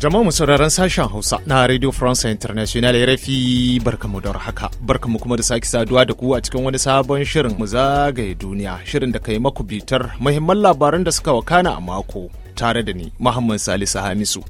Jama'a mu sauraron sashen Hausa na Radio France International RFI barkamu da haka. Barkamu kuma da sake saduwa da ku a cikin wani sabon shirin mu zagaye duniya, shirin da kai maku bitar muhimman labaran da suka wakana a mako tare da ni Muhammad Salisu Hamisu.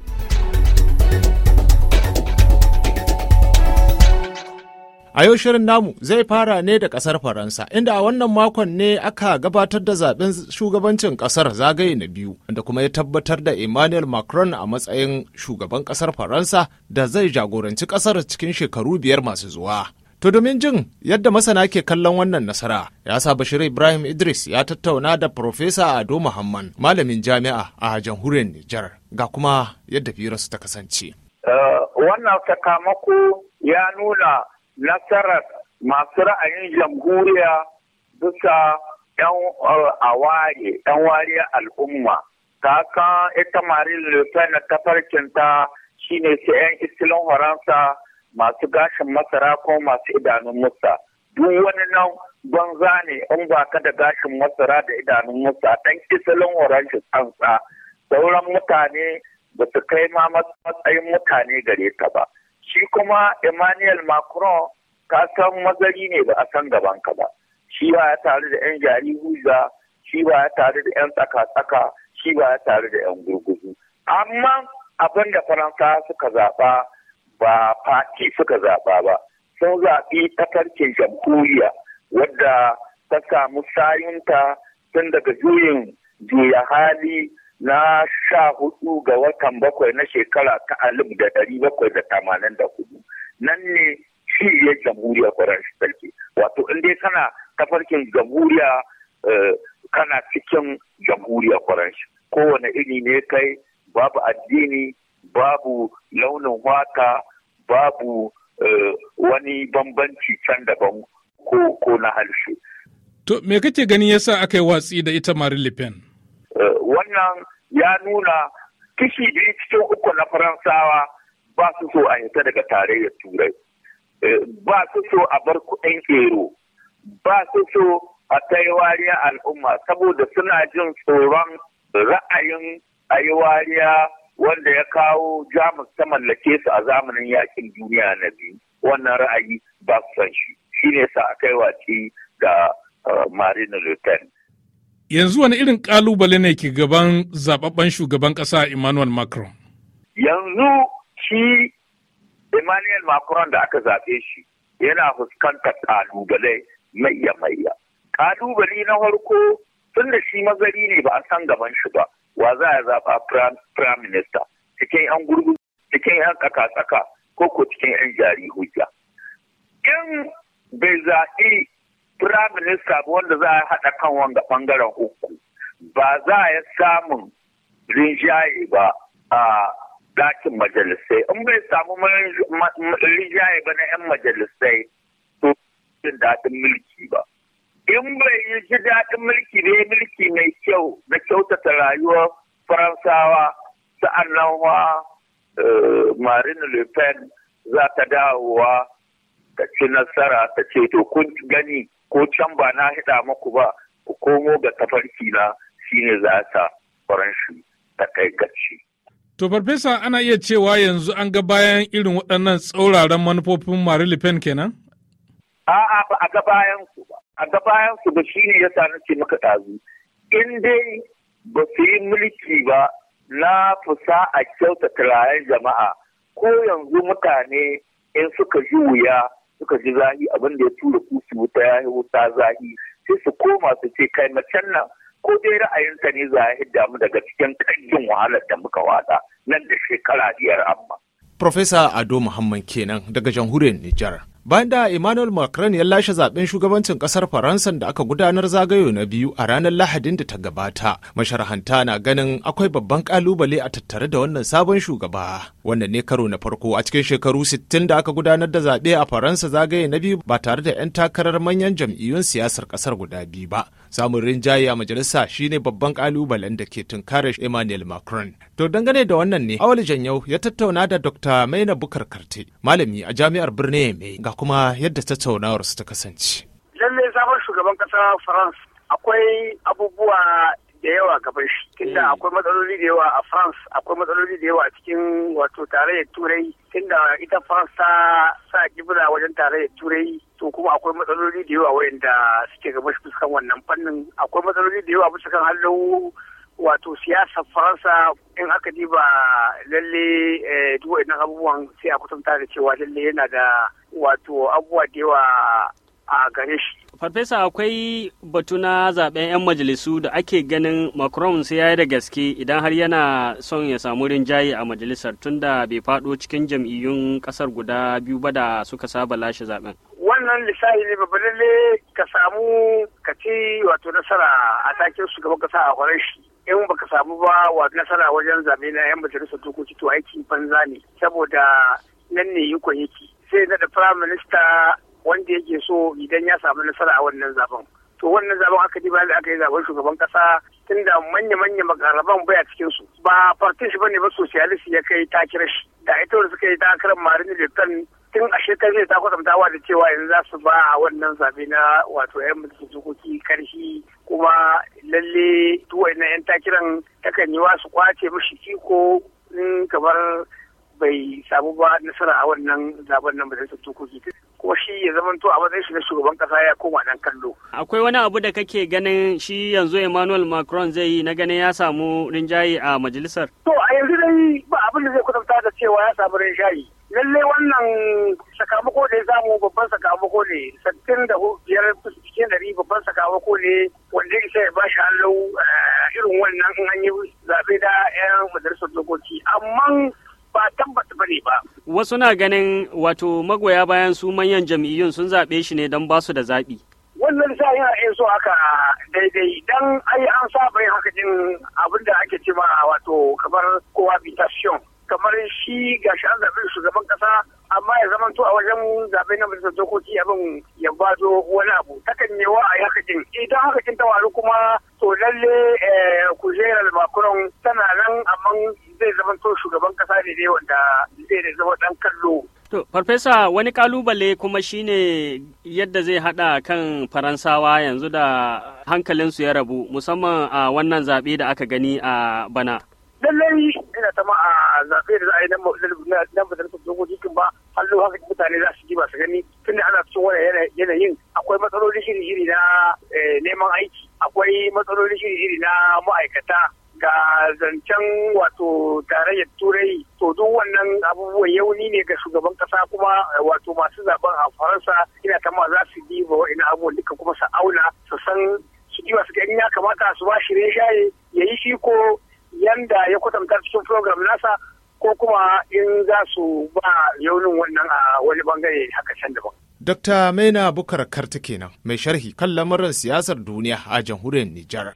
A yau shirin namu zai fara ne da ƙasar Faransa, inda a wannan makon ne aka gabatar da zaɓen shugabancin ƙasar zagaye na biyu, da kuma ya tabbatar da Emmanuel Macron a matsayin shugaban ƙasar Faransa da zai jagoranci ƙasar cikin shekaru biyar masu zuwa. To domin jin yadda masana ke kallon wannan nasara, ya sa Bashir Ibrahim Idris ya tattauna da Profesa Ado Muhammad, malamin jami'a a jamhuriyar Nijar, ga kuma yadda firarsu ta kasance. Uh, wannan sakamako ya nuna nasarar masu ra'ayin jamhuriya bisa 'yan uh, aware 'yan wariyar al'umma ta ka ita Marine Le Pen ta shine su 'yan isilin Faransa masu gashin masara ko masu idanun musa. Duk wani nan banza ne in ba ka da gashin masara da idanun musa dan isilin Faransa tsantsa. Sauran mutane ba su kai ma matsayin mutane gare ta ba. shi kuma emmanuel macron ka san mazari ne ba a san gaban ka ba shi ba ya tare da yan jari huza shi ba ya tare da yan tsaka-tsaka shi ba ya tare da yan gurguzu amma abin da faransa suka zaɓa ba fati suka zaɓa ba sun zaɓi tafarkin jamhuriya wadda ta samu sayunta tun daga juyin juya hali na sha hudu ga watan bakwai na shekara ta alif da dari bakwai da tamanin da hudu nan ne shirya jamhuriya faransa sarki wato in dai kana tafarkin jamhuriya eh, kana cikin jamhuriya faransa kowane iri ne kai babu addini babu launin wata babu eh, wani bambanci can daban ko na harshe. To me kake gani yasa aka yi watsi da ita Marie Le Pen? wannan ya nuna kishi biyu cikin uku na faransawa ba su so a hita daga tarayyar turai eh, ba su so a bar kuɗin tsero ba su so a kai wariya al'umma saboda suna jin tsoron ra'ayin a yi wariya wanda ya kawo jamus ta mallake su a zamanin yakin duniya na biyu wannan ra'ayi ba su san shi shine sa a kai wace da eh, marina le Yanzu wani irin kalubale ne ke gaban zababben shugaban ƙasa Emmanuel Macron? Yanzu shi Emmanuel Macron da aka zaɓe shi yana fuskantar kalubale mai yamayya. Kalubale na farko tun da shi mazari ne ba a san gaban shi ba, wa za a zaɓa prime minister cikin 'yan gurgu, cikin 'yan tsaka-tsaka ko ko cikin 'yan jari hujja. In bai zaɓi firayim minista wanda za a haɗa kan wanga ɓangaren uku ba za a samun rinjaye ba a dakin majalisai in bai samu rinjaye ba na 'yan majalisai to jin daɗin mulki ba in bai yi ji daɗin mulki ne mulki mai kyau na kyautata rayuwar faransawa sa'an nan wa eh, marine le pen za ta dawowa ta ci nasara ta ce to kun gani ko can ba na hida maku ba ku komo ga tafarki na shine za ta faransu ta kai gaci. To farfesa ana iya cewa yanzu an ga bayan irin waɗannan tsauraran manufofin Marie Le Pen kenan? A'a ba a ga bayan su ba. A ga shine ya sa nace maka ɗazu. In dai ba su yi mulki ba na fusa a kyauta turaren jama'a ko yanzu mutane in suka ji wuya suka ji zahi abin da ya tura kusi wuta ya yi wuta zahi sai su koma su ce kai macen nan ko dai ra'ayinta ne za a hidda mu daga cikin ƙangin wahalar da muka wada nan da shekara biyar amma. Profesa Ado Muhammad kenan daga jamhuriyar Nijar. bayan da emmanuel macron ya lashe zaben shugabancin kasar faransa da aka gudanar zagayo na biyu a ranar lahadin da ta gabata masharhanta na ganin akwai babban kalubale a tattare da wannan sabon shugaba wannan ne karo na farko a cikin shekaru 60 da aka gudanar da zaɓe a faransa zagaye na biyu ba tare da 'yan takarar manyan jam'iyyun siyasar kasar guda biyu ba samun rinjaye a majalisa shine babban kalubalen da ke tunkarar Emmanuel Macron. To dangane da wannan ne, Awali Janyau ya tattauna da Dr. Maina Bukar Karte, malami a jami'ar Birnin Yame, ga kuma yadda tattaunawar su ta kasance. Lallai sabon shugaban kasa France akwai abubuwa da yawa gaban shi tunda eh. akwai matsaloli da yawa a France akwai matsaloli da yawa a cikin wato tarayyar turai tunda ita France ta sa gibira wajen tarayyar turai to kuma akwai matsaloli da yawa wayanda suke gaba fuskan wannan fannin akwai matsaloli da yawa fuskan hallo wato siyasar faransa in aka diba lalle eh, duk abubuwan sai a kusanta da cewa lalle yana da wato abubuwa da yawa a gare shi. Farfesa akwai batu na zaben 'yan majalisu da ake ganin Macron sai ya yi da gaske idan har yana son ya samu rinjaye a majalisar tunda bai faɗo cikin jam'iyyun ƙasar guda biyu ba da suka saba lashe zaben. Wannan lissahi ne babba lalle ka samu ka ci wato nasara a takin shugaban ƙasa a kwarar shi. in baka samu ba wa nasara wajen zaɓe na 'yan majalisar dokoki to aiki banza ne saboda nan ne yukon yake sai na da firayim minista wanda yake so idan ya samu nasara a wannan zaben to wannan zaben aka diba da aka yi zaben shugaban kasa tunda manya-manya makaraban baya cikin su ba partis bane ba socialist ya kai takirar shi da ita wanda suka yi takarar marini da ta tun a shekaru ne ta kwatantawa da cewa yanzu za su ba a wannan zabe na wato yan mutum zukuki karshi kuma lalle duwai na yan takiran takan yi wa su kwace ko in kamar bai samu ba nasara a wannan zaben nan majalisar dokoki ko shi ya zamanto a matsayin shi na shugaban kasa ya koma dan kallo. Akwai wani abu da kake ganin shi yanzu Emmanuel Macron zai yi na ganin ya samu rinjayi a majalisar? To a yanzu dai ba abin da zai kwatanta da cewa ya samu rinjayi Lallai wannan sakamako da ya samu babban sakamako ne, sattin da biyar cikin dari babban sakamako ne wanda ya sai ba shi hannu eh, irin wannan in an yi zaɓe da 'yan majalisar dokoki. Amma ba tabbas bane ba wasu na ganin wato magoya bayan su manyan jam'iyyun sun zaɓe shi ne don basu da zaɓi wannan sa yana iya so haka daidai dan ai an saba yin haka jin abin da ake cewa wato kamar kowa bitasiyon, kamar shi gashi an zaɓe shugaban ƙasa amma ya zama to a wajen zaɓe na majalisar dokoki abin ya bazo wani abu takan yi wa a yakacin idan hakacin ta waru kuma to lalle eh, kujerar makuron tana nan amma zai zama to shugaban kasa ne ne wanda zai zama dan kallo To, Farfesa, wani kalubale kuma shine yadda zai hada kan Faransawa yanzu da hankalinsu ya rabu, musamman a wannan zaɓe da aka gani a bana. Lallai ina tama a zaɓe da za a yi na majalisar dokokin ba, hallo haka mutane za su ji masu gani gani da ana cikin wannan yanayin akwai matsaloli shiri-shiri na eh, neman aiki akwai matsaloli shiri-shiri na ma'aikata ga zancen wato tarayyar turai to duk wannan abubuwan yauni ne ga shugaban kasa kuma eh, wato masu zaben a faransa ina ma za su bi ba wa'ina abubuwan duka kuma su auna su san su ji wasu ya kamata su ba shirye shaye ya yi shi ko yanda ya kwatanta cikin program nasa ko kuma in za su ba launin wannan a wani bangare haka can daban. Dokta Maina Bukar Karta kenan mai sharhi kan lamarin siyasar duniya a jamhuriyar Nijar.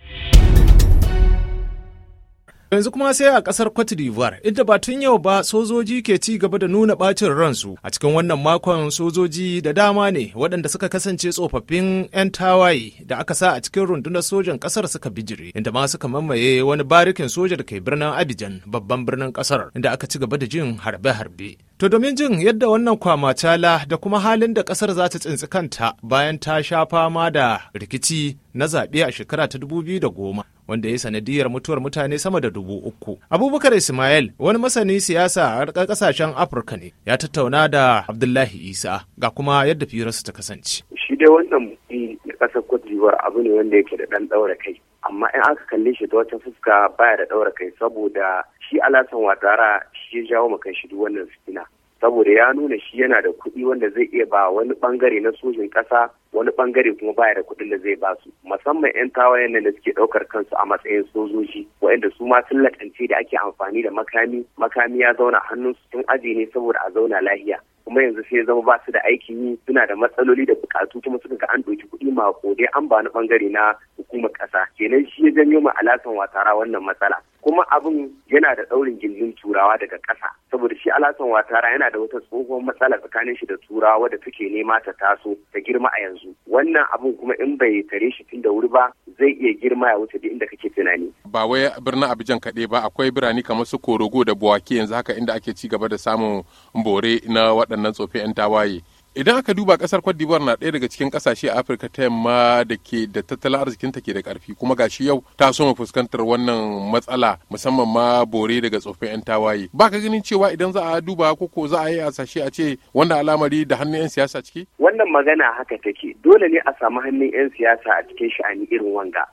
yanzu kuma sai a kasar Cote d'Ivoire inda ba tun yau ba sojoji ke ci gaba da nuna bacin ransu a cikin wannan makon sojoji da dama ne waɗanda suka kasance tsofaffin 'yan tawaye da aka sa a cikin rundunar sojan kasar suka bijire inda ma suka mamaye wani barikin soja da ke birnin Abidjan babban birnin kasar inda aka ci gaba da jin harbe-harbe To domin jin yadda wannan kwama tala da kuma halin da kasar za ta tsinci kanta bayan ta sha fama da rikici na zaɓe a shekara ta dubu biyu da goma, wanda ya sanadiyar mutuwar mutane sama da dubu uku. Abubakar Ismail wani masani siyasa a kasashen Afirka ne ya tattauna da Abdullahi Isa ga kuma yadda firarsu ta kasance. Shi dai wannan mutum na ƙasar Cote abu ne wanda yake da ɗan ɗaura kai. Amma in aka kalle shi ta wata fuska baya da ɗaura kai saboda shi alasan watara shi ya jawo maka shi duk wannan fitina saboda ya nuna shi yana da kuɗi wanda zai iya ba wani bangare na sojin ƙasa wani bangare kuma baya da kuɗin da zai ba su musamman 'yan tawayen nan da suke ɗaukar kansu a matsayin sojoji waɗanda su ma sun lakance da ake amfani da makami makami ya zauna hannun su tun aje ne saboda a zauna lahiya kuma yanzu sai zama ba su da aikin yi suna da matsaloli da bukatu kuma suka ga an ɗauki kuɗi ma dai an ba ni bangare na hukumar ƙasa kenan shi ya janyo ma alasan watara wannan matsala kuma abin yana da daurin gindin turawa daga ƙasa saboda shi alasan watara yana da wata tsohuwar matsala tsakanin shi da turawa wadda take nema ta taso ta girma a yanzu wannan abin kuma in bai tare shi tun da wuri ba zai iya girma ya wuce inda kake tunani ba wai birnin abijan kaɗai ba akwai birane kamar su korogo da buwaki yanzu haka inda ake ci gaba da samun bore na waɗannan tsofi 'yan tawaye idan aka duba kasar cote d'ivoire na ɗaya daga cikin kasashe a afirka ta yamma da ke da tattalin arzikinta ke da karfi kuma gashi yau ta so fuskantar wannan matsala musamman ma bore daga tsofin 'yan tawaye ba ka ganin cewa idan za a duba ko ko za a yi asashe a ce wannan al'amari da hannun 'yan siyasa ciki wannan magana haka take dole ne a samu hannun 'yan siyasa a cikin sha'ani irin wanga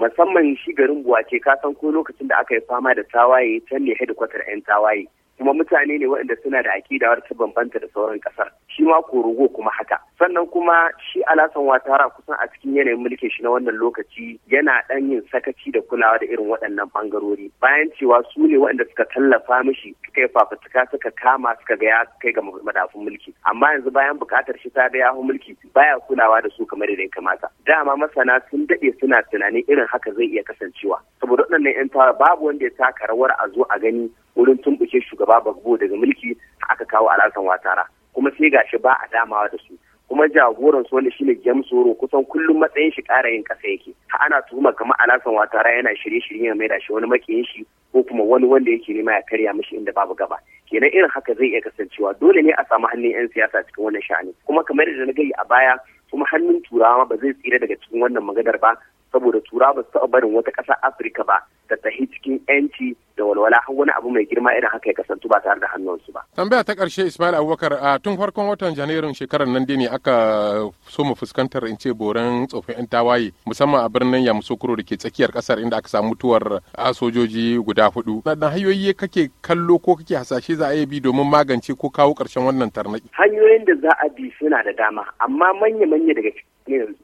musamman shi garin ce ka san ko lokacin da aka yi fama da tawaye can ne hedikwatar 'yan tawaye kuma mutane ne waɗanda suna da aƙida wata bambanta da sauran ƙasar shi ma korogo kuma haka sannan kuma shi alasan watara kusan a cikin yanayin mulkin shi na wannan lokaci yana dan yin sakaci da kulawa da irin waɗannan bangarori bayan cewa su ne waɗanda suka tallafa mishi suka yi fafutuka suka kama suka ga ya kai ga madafun mulki amma yanzu bayan buƙatar shi ta gaya yahu mulki baya kulawa da su kamar da ya kamata dama masana sun daɗe suna tunanin irin haka zai iya kasancewa saboda waɗannan 'yan tawa babu wanda ya taka rawar a zo a gani wurin tumɓuke shugaba babu daga mulki aka kawo alasan watara kuma sai gashi ba a damawa da su kuma jagoran su wanda shine James Soro kusan kullum matsayin shi ƙara yin ƙasa yake ha ana tuhuma kamar Alasan Watara yana shirye-shirye mai da shi wani makiyin shi ko kuma wani wanda yake nema ya karya mishi inda babu gaba kenan irin haka zai iya kasancewa dole ne a samu hannun 'yan siyasa cikin wannan sha'ani kuma kamar da na gani a baya kuma hannun turawa ba zai tsira daga cikin wannan magadar ba saboda tura ba su taɓa barin wata ƙasa afirka ba da tahi cikin yanci da walwala har wani abu mai girma irin haka ya kasantu ba tare da hannunsu ba. tambaya ta ƙarshe ismail abubakar a tun farkon watan janairun shekarar nan ne aka so mu fuskantar in ce boran tsofin yan tawaye musamman a birnin yamusokoro da ke tsakiyar ƙasar inda aka samu mutuwar sojoji guda hudu na hanyoyi kake kallo ko kake hasashe za a bi domin magance ko kawo ƙarshen wannan tarnaki. hanyoyin da za a bi suna da dama amma manya-manya daga cikin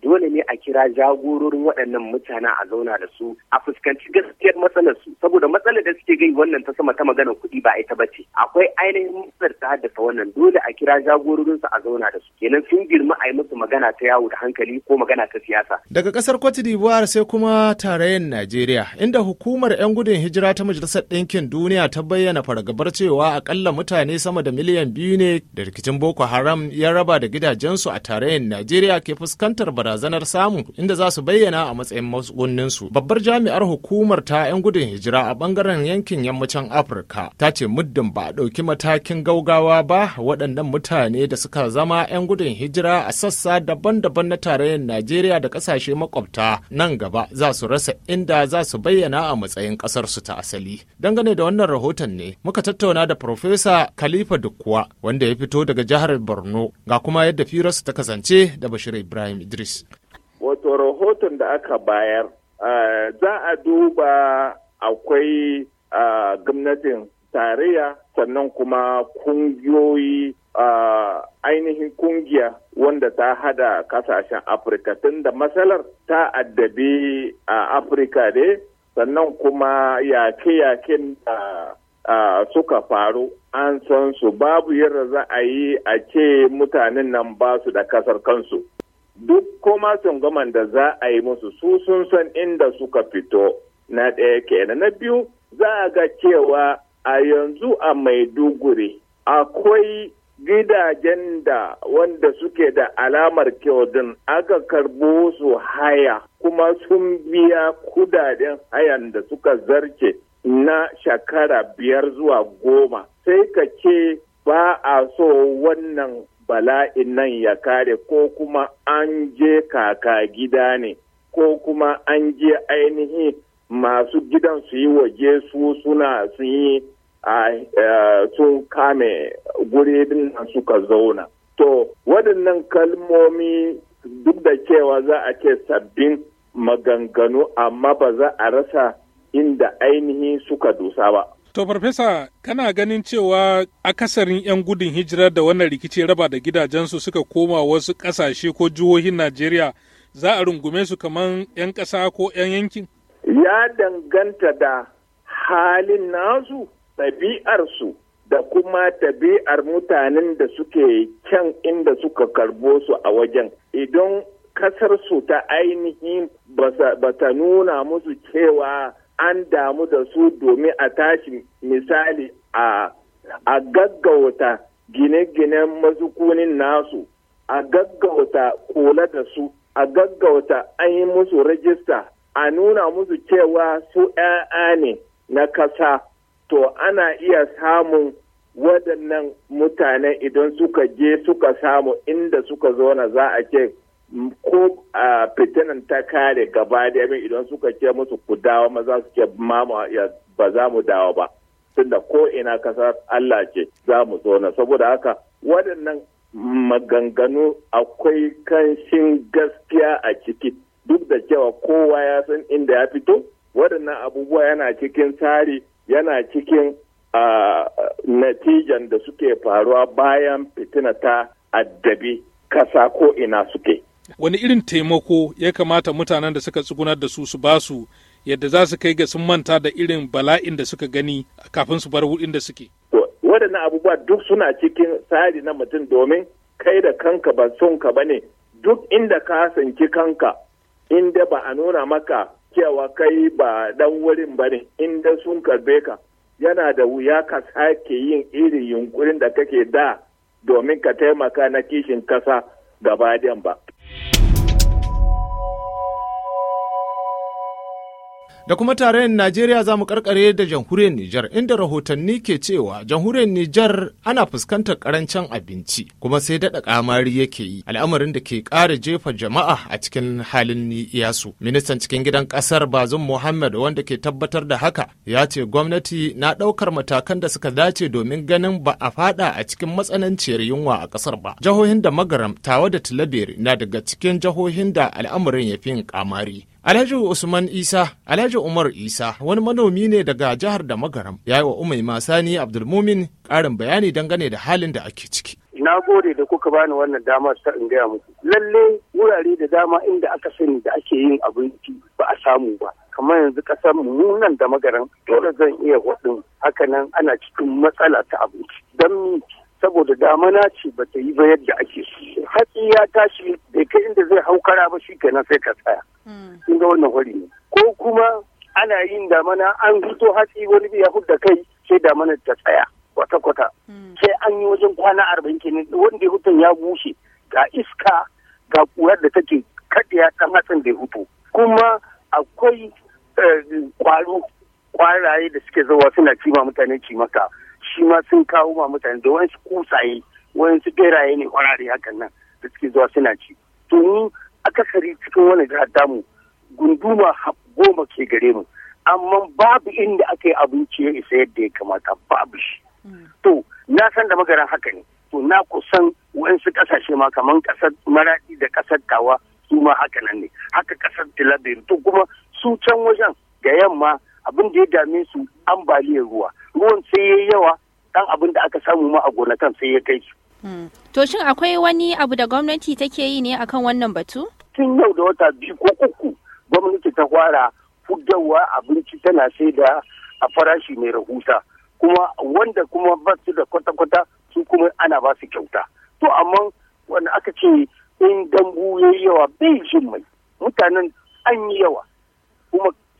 dole ne a kira jagororin waɗannan mutanen a zauna da su a fuskanci gaskiyar matsalar su saboda matsalar da suke gai wannan ta sama ta maganar kuɗi ba ita ba ce akwai ainihin matsalar ta haddasa wannan dole a kira jagororin su a zauna da su kenan sun girma a yi musu magana ta yawo da hankali ko magana ta siyasa daga kasar Cote d'Ivoire sai kuma tarayyar Najeriya inda hukumar 'yan gudun hijira ta Majalisar Ɗinkin Duniya ta bayyana fargabar cewa akalla mutane sama da miliyan biyu ne da rikicin Boko Haram ya raba da gidajensu a tarayyar Najeriya ke fuskanta fuskantar barazanar samu inda za su bayyana a matsayin matsugunninsu. Babbar jami'ar hukumar ta 'yan gudun hijira a bangaren yankin yammacin Afirka ta ce muddin ba a ɗauki matakin gaugawa ba waɗannan mutane da suka zama 'yan gudun hijira a sassa daban-daban na tarayyar Najeriya da ƙasashe makwabta nan gaba za su rasa inda za su bayyana a matsayin ƙasarsu ta asali. Dangane da wannan rahoton ne muka tattauna da Profesa Khalifa Dukkuwa wanda ya fito daga jihar Borno ga kuma yadda firarsu ta kasance da Bashir Ibrahim Idris. Wato rahoton da aka bayar za a duba akwai gwamnatin tarayya sannan kuma kungiyoyi ainihin kungiya wanda ta hada kasashen afirka tun da matsalar ta addabi a afirka ne sannan kuma yake-yaken da suka faru an san su babu yadda za a yi a ce mutanen nan ba su da kasar kansu duk koma gaman da za a yi musu su sun san inda suka fito na ɗaya kenan na biyu za a ga cewa a yanzu a maiduguri akwai gidajen da wanda suke da alamar kyaudin aka karbo su haya kuma sun biya kudaden hayan da suka zarce na shekara biyar zuwa goma sai ka ce ba a so wannan bala'in nan ya kare ko kuma an je kaka gida ne ko kuma an je ainihi masu gidan su yi waje su suna sun yi sun kame guri nan suka zauna. To, waɗannan kalmomi duk da cewa za a ce sabbin maganganu amma ba za a rasa inda ainihi suka dusa ba. To farfesa kana ganin cewa akasarin 'yan gudun hijira da wannan rikici raba da gidajensu suka koma wasu ƙasashe ko jihohin Najeriya za a rungume su kamar 'yan ƙasa ko 'yan yankin? Ya danganta da halin nasu, ɗabi'arsu da kuma ɗabi'ar mutanen da suke kyan inda suka karbo su a wajen. Idan kasarsu ta ainihin ba ta nuna musu cewa an damu da su domin a tashi misali a a gaggauta gine-ginen mazukunin nasu a gaggauta kula da su a gaggauta an yi musu rajista a nuna musu cewa su 'ya'ya ne na kasa to ana iya samun waɗannan mutane idan suka je suka samu inda suka zo na za a ce ko a fitinan ta kare gaba da yamin idan suka ce musu ku dawo maza su ce ba za mu dawo ba tunda ko ina kasar Allah ce za mu zona saboda haka waɗannan maganganu akwai kanshin gaskiya a ciki duk da cewa kowa ya san inda ya fito waɗannan abubuwa yana cikin tsari yana cikin natijan da suke faruwa bayan fitina ta addabi kasa ko ina suke. wani irin taimako ya kamata mutanen da suka tsugunar da su su ba su yadda za su kai ga sun manta da irin bala'in da suka gani kafin su bar wurin da suke. waɗannan abubuwa duk suna cikin tsari na mutum domin kai da kanka ba son ka ba ne duk inda ka sanki kanka inda ba a nuna maka cewa kai ba dan wurin ba ne inda sun karbe ka yana da wuya ka sake yin irin yunkurin da kake da domin ka taimaka na kishin kasa gaba ba Da kuma tarayyar Najeriya za mu karkare da jamhuriyar Nijar inda rahotanni ke cewa jamhuriyar Nijar ana fuskantar karancin abinci kuma sai daɗa kamari yake yi al'amarin da ke ƙara jefa jama'a a cikin halin iyasu. Ministan cikin gidan ƙasar Bazum Muhammad wanda ke tabbatar da haka ya ce gwamnati na ɗaukar matakan da suka dace domin ganin ba a fada a cikin matsananciyar yunwa a ƙasar ba. Jihohin da magaram tawa da tilabiri na daga cikin jihohin da al'amarin ya fi yin kamari. Alhaji Usman Isa, Alhaji Umar Isa, wani manomi ne daga jihar da magaram, ya yi wa Umaima Sani Abdulmumin ƙarin bayani dangane da halin da ake ciki. na gode da kuka bani wannan damar ta in gaya muku lalle wurare da dama inda aka sani da ake yin abinci ba a samu ba kamar yanzu ƙasar mu nan da magaram, dole zan iya haka hakanan ana cikin matsala ta abinci don saboda damana ce ba ta yi ba yadda ake hatsi ya tashi bai kai inda zai hau kara ba shi kenan sai ka tsaya hmm. kin ga wannan hori ne ko kuma ana yin damana an fito hatsi wani ya da kai sai damanar ta tsaya kwata-kwata hmm. sai an yi wajen kwana arba'in kenan wanda ya ya bushe ga iska ga kurar da take kaɗiya ɗan hatsin da ya hutu kuma akwai kwaro eh, kwaraye da suke zuwa suna cima mutane cimaka shi ma sun kawo ma mutane da wasu kusaye su beraye ne kwarare hakan nan da suke zuwa suna ci to ni akasari cikin wani jihar damu gunduma goma ke gare mu amma babu inda aka yi abinci ya isa yadda ya kamata babu shi mm. to na san da magaran haka ne to na kusan wasu kasashe ma kamar kasar maradi da kasar tawa su ma haka nan ne haka kasar tilabiru to kuma su can wajen da yamma abin da ya dame su ambaliyar ruwa ruwan sai ya yawa dan abin da aka samu ma a gonakan sai ya kai su. Hmm. To shin akwai wani abu da gwamnati take yi ne akan wannan batu? Tun yau da wata biyu ko uku gwamnati ta fara fuddawa abinci tana sai da a farashi mai rahusa kuma wanda kuma ba su da kwata-kwata su kuma ana ba su kyauta. To amma wanda aka ce in dambu ya yawa bai jin mai mutanen an yi yawa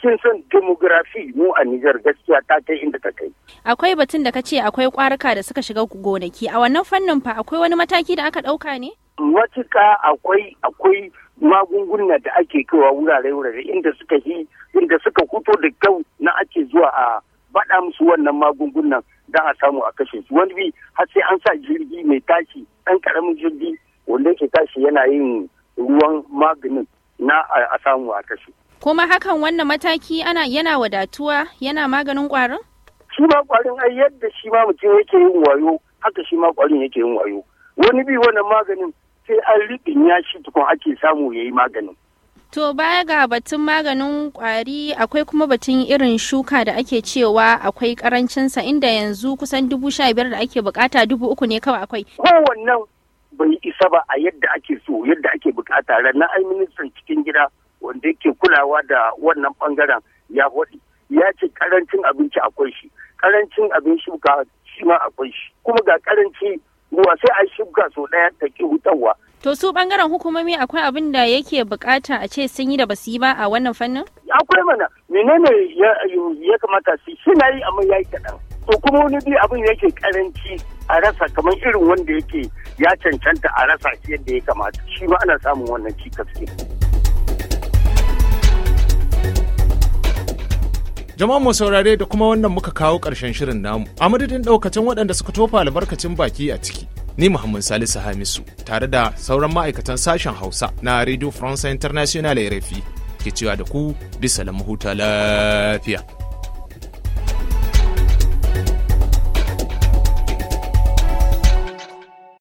kin san demografi mu a Nijar gaskiya ta kai inda ta kai. Akwai batun da ka ce akwai kwaruka da suka shiga gonaki a wannan fannin fa akwai wani mataki da aka ɗauka ne? Matuka akwai akwai magunguna da ake kaiwa wurare-wurare inda suka yi inda suka fito da kyau na ake zuwa a baɗa musu wannan magungunan da a samu a kashe su wani bi har sai an sa jirgi mai tashi ɗan karamin jirgi wanda yake tashi yana yin ruwan maganin na a samu a kashe. Kuma hakan wannan mataki ana yana wadatuwa yana maganin ƙwarin? Shi ma ƙwarin ai yadda shi ma mutum yake yin wayo haka shi ma kwarin yake yin wayo. Wani bi wannan maganin sai an riɓin ya shi tukun ake samu ya yi maganin. To baya ga batun maganin kwari akwai kuma batun irin shuka da ake cewa akwai karancinsa inda yanzu kusan dubu sha biyar da ake bukata dubu uku ne kawai akwai. Kowannan bai isa ba a yadda ake so yadda ake bukata ranar ai ministan cikin gida wanda yake kulawa da wannan bangaren ya faɗi ya ce karancin abinci akwai shi karancin abin shuka shi ma akwai shi kuma ga karanci ruwa sai a shuka sau ɗaya ta ki hutarwa. To su bangaren hukumomi akwai abin da yake bukata a ce sun yi da basu yi ba a wannan fannin? Akwai mana menene ya kamata su na yi amma ya yi kaɗan. To kuma wani bi abin yake karanci a rasa kamar irin wanda yake ya cancanta a rasa shi yadda ya kamata shi ma ana samun wannan cikas Jama'a mu saurare da kuma wannan muka kawo ƙarshen shirin namu. A madadin ɗaukacin waɗanda suka tofa albarkacin baki a ciki. Ni Muhammad Salisu Hamisu tare da sauran ma'aikatan sashen Hausa na Radio France International RFI ke cewa da ku bisa lamu huta lafiya.